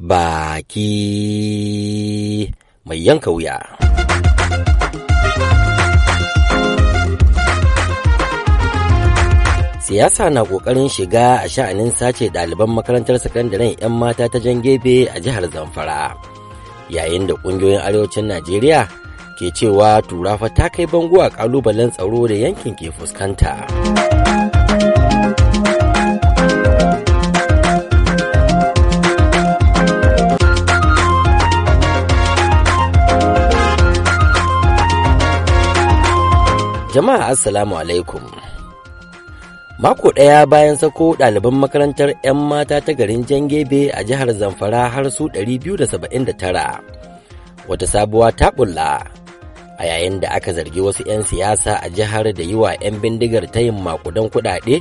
baki mai yanka wuya. Siyasa na ƙoƙarin shiga a sha'anin sace ɗaliban makarantar sakandaren 'yan mata ta jan gefe a jihar Zamfara, yayin da ƙungiyoyin arewacin Najeriya ke cewa turafa ta kai bango a ƙalubalen tsaro da yankin ke fuskanta. Jama'a Assalamu alaikum. Mako ɗaya bayan sako ɗaliban makarantar 'yan mata ta garin Jangebe a jihar Zamfara har su 279. Wata sabuwa ta ɓulla a yayin da aka zargi wasu 'yan siyasa a jihar da yi wa 'yan bindigar tayin makudan kuɗaɗe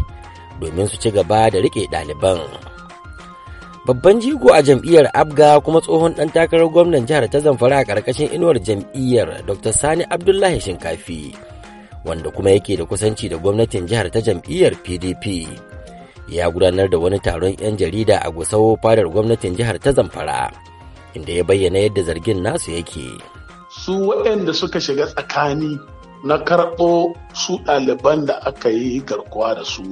domin su ci gaba da riƙe ɗaliban. babban jigo a jam'iyyar abga kuma tsohon ɗan takarar gwamnan jihar ta zamfara a ƙarƙashin inuwar jam'iyyar dr sani abdullahi shinkafi wanda kuma yake da kusanci da gwamnatin jihar ta jam'iyyar pdp ya gudanar da wani taron 'yan jarida a gusau fadar gwamnatin jihar ta zamfara inda ya bayyana yadda zargin nasu yake su waɗanda suka shiga tsakani na karɓo su ɗaliban da aka yi garkuwa da su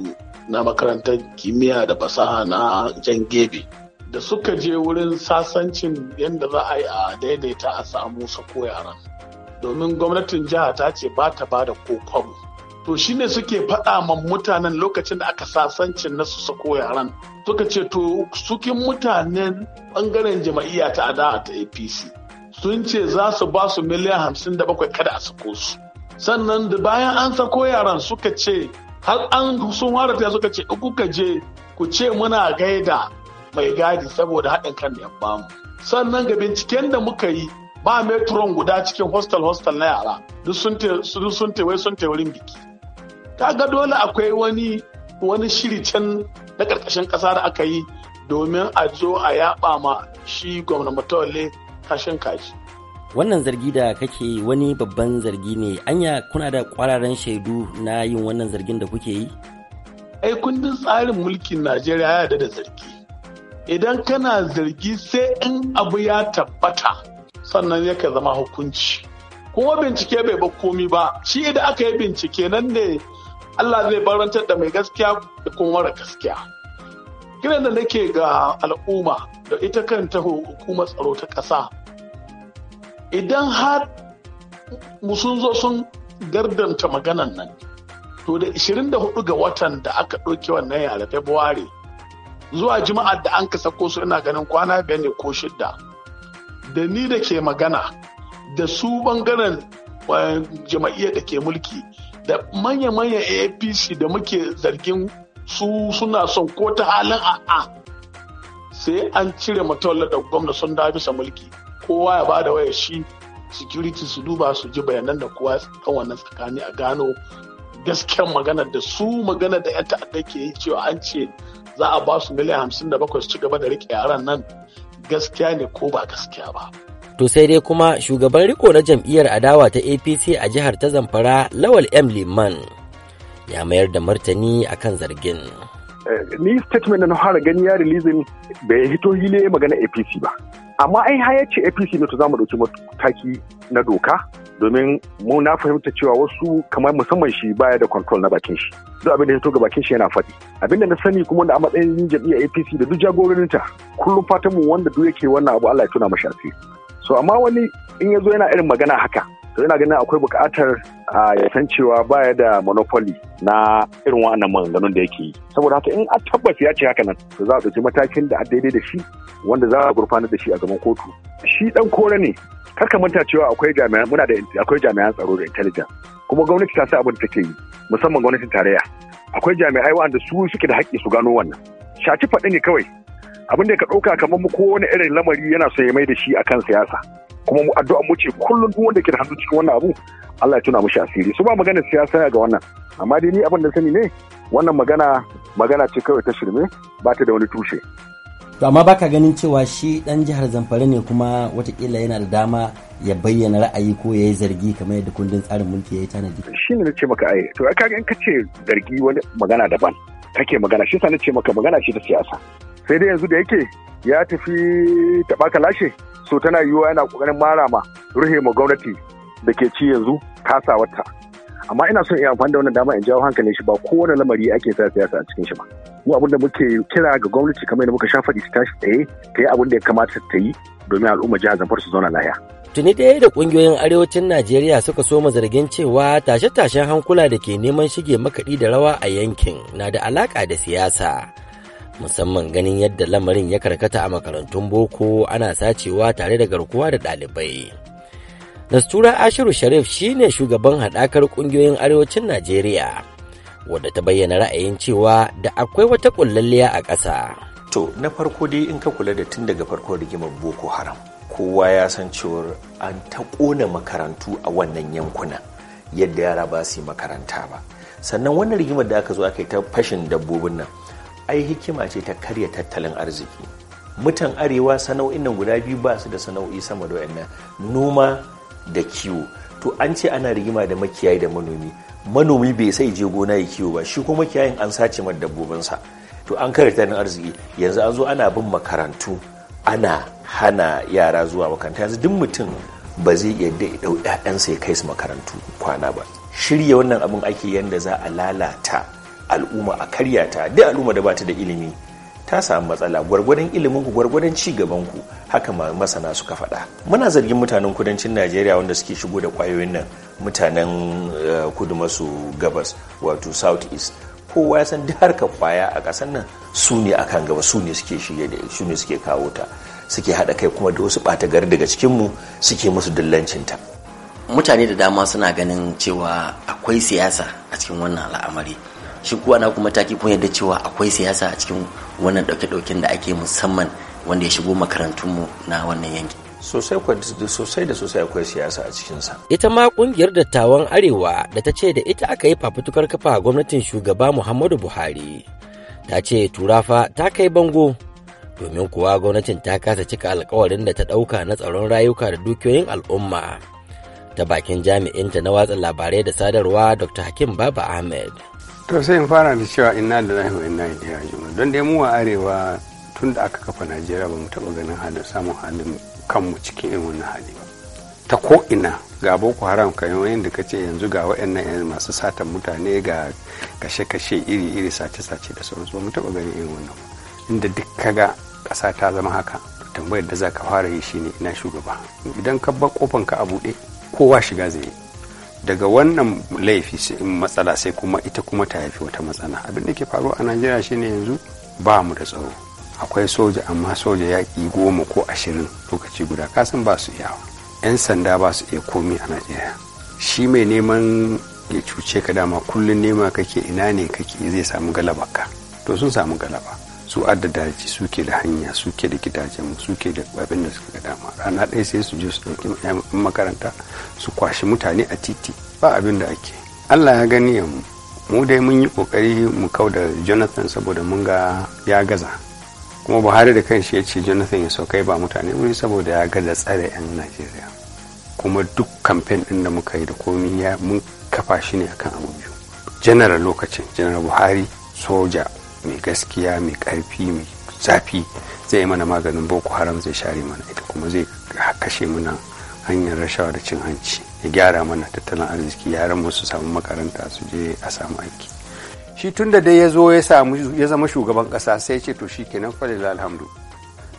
na makarantar kimiyya da fasaha na jan gebe da suka je wurin sasancin yadda za a yi a daidaita a samu sako yaran domin gwamnatin jiha ta ce ba ta ba da kokon to shine suke faɗa ma mutanen lokacin da aka sasancin na su sako yaran suka ce to sukin mutanen bangaren jama'iyya ta adawa ta apc sun ce za su ba su miliyan hamsin da bakwai kada a sako su sannan da bayan an sako yaran suka ce har an sun harata suka ce kuka je ku ce muna gaida mai gadi saboda haɗin kan da ya bamu sannan ga binciken da muka yi ba metron guda cikin hostel hostel na yara duk sun tewai sun wurin biki Ta ga dole akwai wani wani shiri can na karkashin kasa da aka yi domin a zo a yaba ma shi gwamnati matawalle kashin kaji wannan zargi da kake wani babban zargi ne anya kuna da kwararan shaidu na yin wannan zargin da kuke yi ai kundin tsarin mulkin najeriya ya da zargi idan kana zargi sai in abu ya tabbata sannan yake zama hukunci kuma bincike bai ba komi ba shi da aka yi bincike nan ne Allah zai barantar da mai gaskiya da kuma mara gaskiya kiran da nake ga al'umma da ita kanta hukumar tsaro ta ƙasa idan har sun zo sun gardanta maganan nan to da 24 ga watan da aka ɗauki wannan yare february zuwa juma'ar da an ka sako su ina ganin kwana biyar ne ko shidda da ni da ke magana da su bangaren eh, jama'iyyar da ke mulki da manya manya apc da muke zargin su suna son ko ta halin a'a sai an cire matawallar da gwamna sun da bisa mulki kowa ya ba da waya shi security su duba su ji bayanan da kowa kan wannan tsakani a gano gasken magana da su magana da 'yan ta'adda ke yi cewa an ce za a ba su miliyan hamsin su ci gaba da rike yaran nan gaskiya ne ko ba gaskiya ba. To sai dai kuma shugaban riko na jam'iyyar adawa ta APC a jihar ta Zamfara Lawal M Liman ya mayar da martani a kan zargin. Eh, ni statement na fara gani ya releasing bai hito hile magana APC ba. Amma ai ya ce APC ne to za mu ɗauki mataki na doka domin mu na fahimta cewa wasu kamar musamman shi baya da control na bakin shi duk abin da ya ga bakin shi yana faɗi abin da na sani kuma da a matsayin jam'iyyar APC da duk jagororinta kullum fatan mu wanda duk yake wannan abu Allah ya tuna mashi asiri so amma wani in ya zo yana irin magana haka to ina ganin akwai bukatar a ya san cewa baya da monopoly na irin wannan maganganun da yake yi saboda haka in a tabbas ya ce haka nan to za a ɗauki matakin da a daidai da shi wanda za a gurfanar da shi a gaban kotu shi dan kore ne kar ka manta cewa akwai jami'an muna da akwai jami'an tsaro da intelligence kuma gwamnati ta sa abin da take yi musamman gwamnatin tarayya akwai jami'ai wanda su suke da haƙƙi su gano wannan shaci faɗi ne kawai abin da ka ɗauka kamar mu kowane irin lamari yana so ya mai da shi akan siyasa kuma mu addu'a mu ce kullum duk wanda ke da hannu cikin wannan abu Allah ya tuna mu asiri su ba magana siyasa ga wannan amma dai ni abin da sani ne wannan magana magana ce kawai ta shirme ba ta da wani tushe to amma baka ganin cewa shi dan jihar Zamfara ne kuma watakila yana da dama ya bayyana ra'ayi ko ya yi zargi kamar yadda kundin tsarin mulki ya yi tanadi shi ne na ce maka ai to kaga in ka ce zargi wani magana daban kake magana shi sa na ce maka magana shi ta siyasa sai dai yanzu da yake ya tafi taɓa lashe so tana yiwuwa yana kokarin mara ma ruhe ma gwamnati da ke ci yanzu kasawarta amma ina son in amfani da wannan dama in jawo hankalin shi ba kowane lamari ake sa siyasa a cikin shi ba mu abin da muke kira ga gwamnati kamar yadda muka sha faɗi ta tashi tsaye ta yi abin da ya kamata ta yi domin al'umma jihar Zamfara su zauna lahiya tuni ɗaya da ƙungiyoyin arewacin najeriya suka so soma zargin cewa tashe-tashen hankula da ke neman shige makaɗi da rawa a yankin na da alaƙa da siyasa musamman ganin yadda lamarin ya karkata a makarantun boko ana sacewa tare da garkuwa da ɗalibai. Nastura Ashiru Sharif shine shugaban haɗakar ƙungiyoyin arewacin Najeriya, wadda ta bayyana ra'ayin cewa da akwai wata ƙullalliya a ƙasa. To, na farko dai in ka kula da tun daga farkon rigimar Boko Haram, kowa ya san cewar an ta ƙona makarantu a wannan yankunan yadda yara ba su yi makaranta ba. Sannan wannan rigimar da aka zo aka yi ta fashin dabbobin nan, ai hikima ce ta karya tattalin arziki mutan arewa sana'o'in nan guda biyu ba su da sana'o'i sama da wayannan noma da kiwo to an ce ana rigima da makiyayi da manomi manomi bai sai je gona ya kiwo ba shi kuma makiyayin an sace mar dabbobinsa to an karya tattalin arziki yanzu an zo ana bin makarantu ana hana yara zuwa makaranta yanzu duk mutum ba zai yadda ya dau 'ya'yansa ya kai su makarantu kwana ba shirya wannan abin ake yadda za a lalata al'umma a karya ta duk al'umma da bata da ilimi ta samu matsala gwargwadon ilimin ku gwargwadon ci gaban ku haka masana suka faɗa muna zargin mutanen kudancin najeriya wanda suke shigo da kwayoyin nan mutanen eh, kudu masu gabas wato south east kowa ya san duk harkar kwaya a ƙasar nan su ne akan gaba su ne suke shige da su ne suke kawo ta suke haɗa kai kuma da wasu ɓata gari daga mu suke musu dillancin ta mutane da dama suna ganin cewa akwai siyasa a cikin wannan al'amari shi kuwa na kuma taki kun yadda cewa akwai siyasa a cikin wannan dauke-dauken da ake musamman wanda ya shigo makarantunmu na wannan yankin sosai sosai da sosai akwai siyasa a cikinsa. Ita ma kungiyar dattawan Arewa da ta ce da ita aka yi fafutukar kafa gwamnatin shugaba Muhammadu Buhari. Ta ce turafa ta kai bango domin kuwa gwamnatin ta kasa cika alkawarin da ta ɗauka na tsaron rayuka da dukiyoyin al'umma. Ta bakin jami'inta na watsa labarai da sadarwa Dr. Hakim Baba Ahmed. to sai in fara da cewa inna lahi wa inna ilaihi raji'un don dai mu a arewa tun da aka kafa najeriya ba mu taba ganin halin samun halin kanmu cikin irin wannan hali ba ta ko ina ga boko haram kayan da ka ce yanzu ga waɗannan yanzu masu satan mutane ga kashe-kashe iri-iri sace-sace da sauransu ba mu taɓa ganin irin wannan inda duk ka ga ƙasa ta zama haka tambayar da za ka fara yi shi ne ina shugaba idan ka bar kofan ka a buɗe kowa shiga zai yi daga wannan laifi matsala sai kuma ita kuma ta haifi wata matsala abin da ke faruwa a najeriya shine yanzu ba mu da tsaro akwai soja amma soja yaƙi goma ko ashirin lokaci guda kasan ba su yawa 'yan sanda ba su iya komi a najeriya shi mai neman ya cuce ka dama kullum nema kake ina ne kake zai samu galaba ka to sun samu galaba su adda daji suke da hanya suke da gidajen suke da abin da suka dama rana ɗaya sai su je su ɗauki makaranta su kwashi mutane a titi ba abin da ake allah ya gani mu mu dai mun yi kokari mu kau da jonathan saboda mun ga ya gaza kuma buhari da kanshi ya ce jonathan ya saukai ba mutane wuri saboda ya gaza tsare 'yan najeriya kuma duk kamfen ɗin da muka yi da komi ya mun kafa shi ne akan abu biyu general lokacin general buhari soja mai gaskiya mai karfi mai zafi zai yi mana maganin boko haram zai share mana ita kuma zai kashe mana hanyar rashawa da cin hanci ya gyara mana tattalin arziki yaran mu samun makaranta su je a samu aiki shi tun da dai ya zo ya ya zama shugaban kasa sai ce to shi kenan falil alhamdu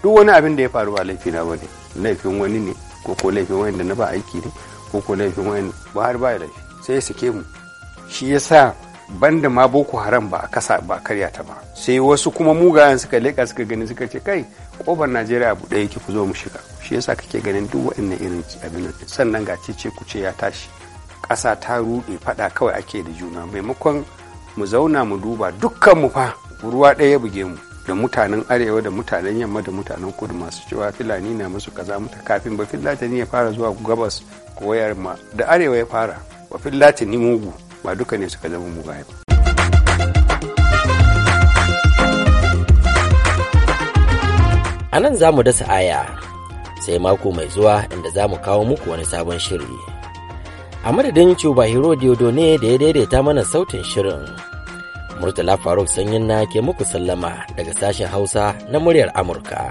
duk wani abin da ya faru ba laifina na bane laifin wani ne ko ko laifin wani da na ba aiki ne ko ko laifin wani ba har ba laifi sai ya sake mu shi yasa banda ma boko haram ba a kasa ba karya ta ba sai wasu kuma mugayen suka leka suka gani suka ce kai ƙofar najeriya abu ɗaya yake ku zo mu shiga shi yasa kake ganin duk waɗannan irin abin sannan ga cece ce ya tashi ƙasa ta ruɗe faɗa kawai ake da juna maimakon mu zauna mu duba dukkan mu fa ruwa ɗaya ya buge mu da mutanen arewa da mutanen yamma da mutanen kudu masu cewa filani na musu kaza muta kafin ba filatani ya fara zuwa gabas ko ma da arewa ya fara ba filatani mugu ba duka ne suka zama mugaye ba a nan za mu dasa aya sai mako mai zuwa inda za mu kawo muku wani sabon shiri a madadin cuba hero diodo ne da ya daidaita mana sautin shirin murtala faruk sanyin na ke muku sallama daga sashen hausa na muryar amurka